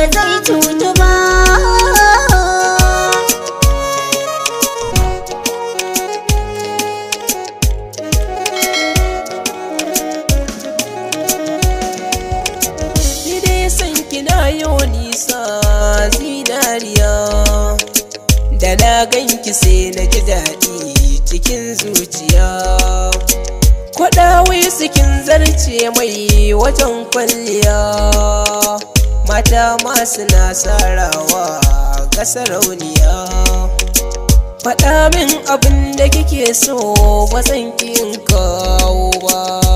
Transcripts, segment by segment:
ba zai cutu ba Da na ganki sai na ji daɗi cikin zuciya Kwaɗa wai sukin zarce mai wajen kwalliya mata masu nasarawa ga sarauniya faɗa min abin da kike so ba zan kiyin kawo ba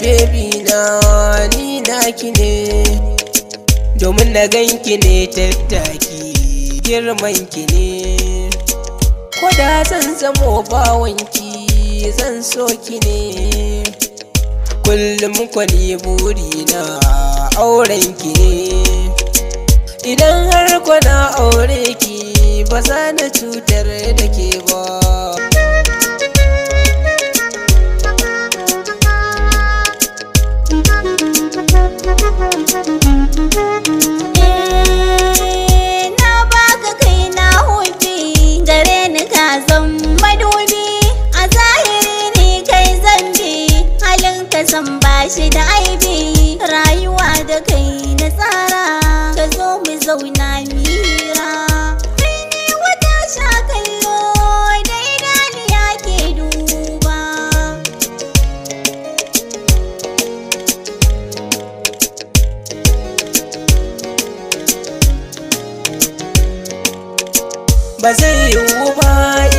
baby na ni naki ne domin na gan ki ne tattaki girman ki ne da zan zamo bawanki zan so ki ne kullum kwani burina aurenki ne idan har kwana aure ki ba za na cutar da ke ba zan bashi da aibi rayuwa da kai na tsara ka zo mu zauna mira kai ne wata sha kallo da idaniya ke duba ba zai yiwu ba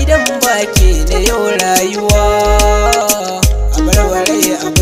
idan ba ke da yau rayuwa a a